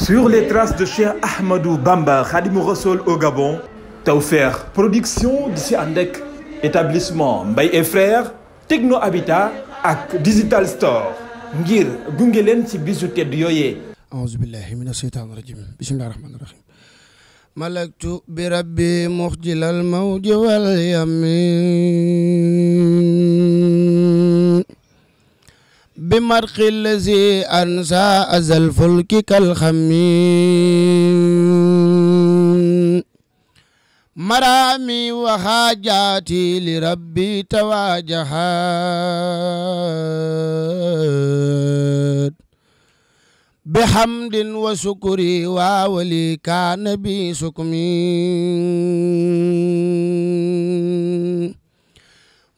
Sur les traces de Cheikh Ahmadou Bamba Khadimou Rassoul au Gabon Tawfekh Production di si ànd ak établissement Mbaye et Techno Habitat ak Digital Store ngir gunge leen ci bisu tedd yooyee aouzu billahi mina sheytaani rajim bismillahi rahmaani rahim malaktu bi rabbi muxjilal mawdi wal بمرق الذي أنسى أزى الفلك كالخميم مرامي وحاجاتي لربي تواجهات بحمد وشكري وولي كان بي سكمي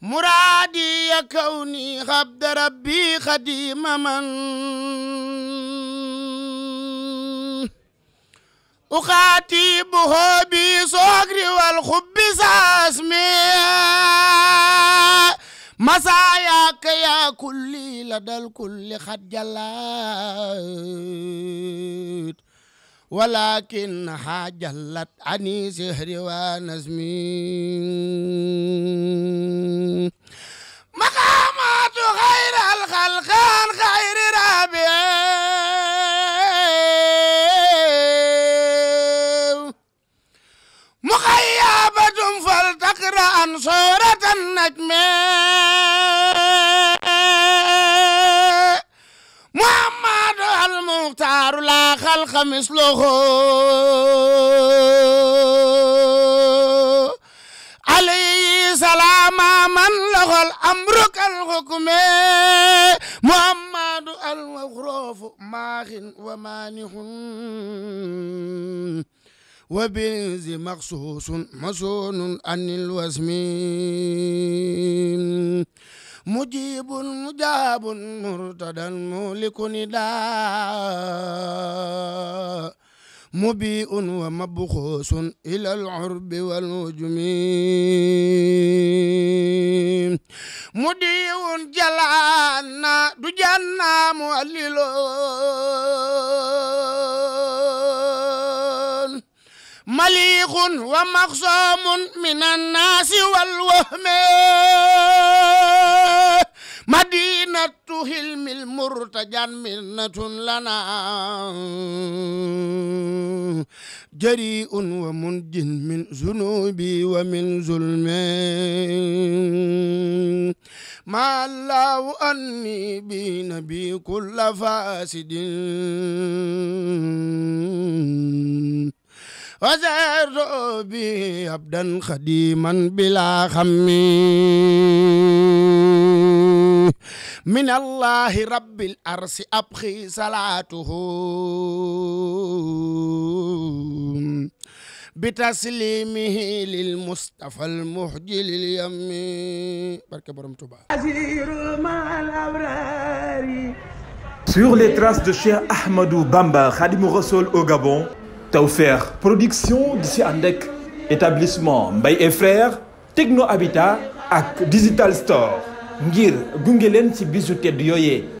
muraadi ya kawni xabda rabbi xadima man uxaatibuhu bi soogri wal xubbi saasmi masaayaaka yaa kulli la dal kulli xat jalaat walakin ha jallat ani sihri wa nazmi laaj mee Muhammadu al Muxtaaru laa xalqa misluhu alayhi salaama man lahul amru kal hukmi Muhammadu al Maxruufu maaxin wa maanixun وبالذي مقصوص مسون عن الوسم مجيب مجاب مرتدا مولك نداء مبيء ومبخوس إلى العرب والنجم مديء جلانا دجانا مؤلل maliixun wa maxsoomun min annaasi wal wahme madinatu hilmil murtajan minnatun lana jariun wa munjin min zunubi wa min zulme ma allahu anni bi nabi kulla fasidin وزرت به عبدا خديما بلا خم من الله رب الأرس أبخي صلاته بتسليمه للمصطفى المحجي لليم بركة برم توبا أسير مع الأبرار Sur les traces de Cheikh Ahmadou Bamba, Khadimou Rassoul au Gabon, Tawfekh production di si ànd ak établissement mbay et frères Techno Habitat ak Digital Store ngir gunge leen ci bisu tedd yooyee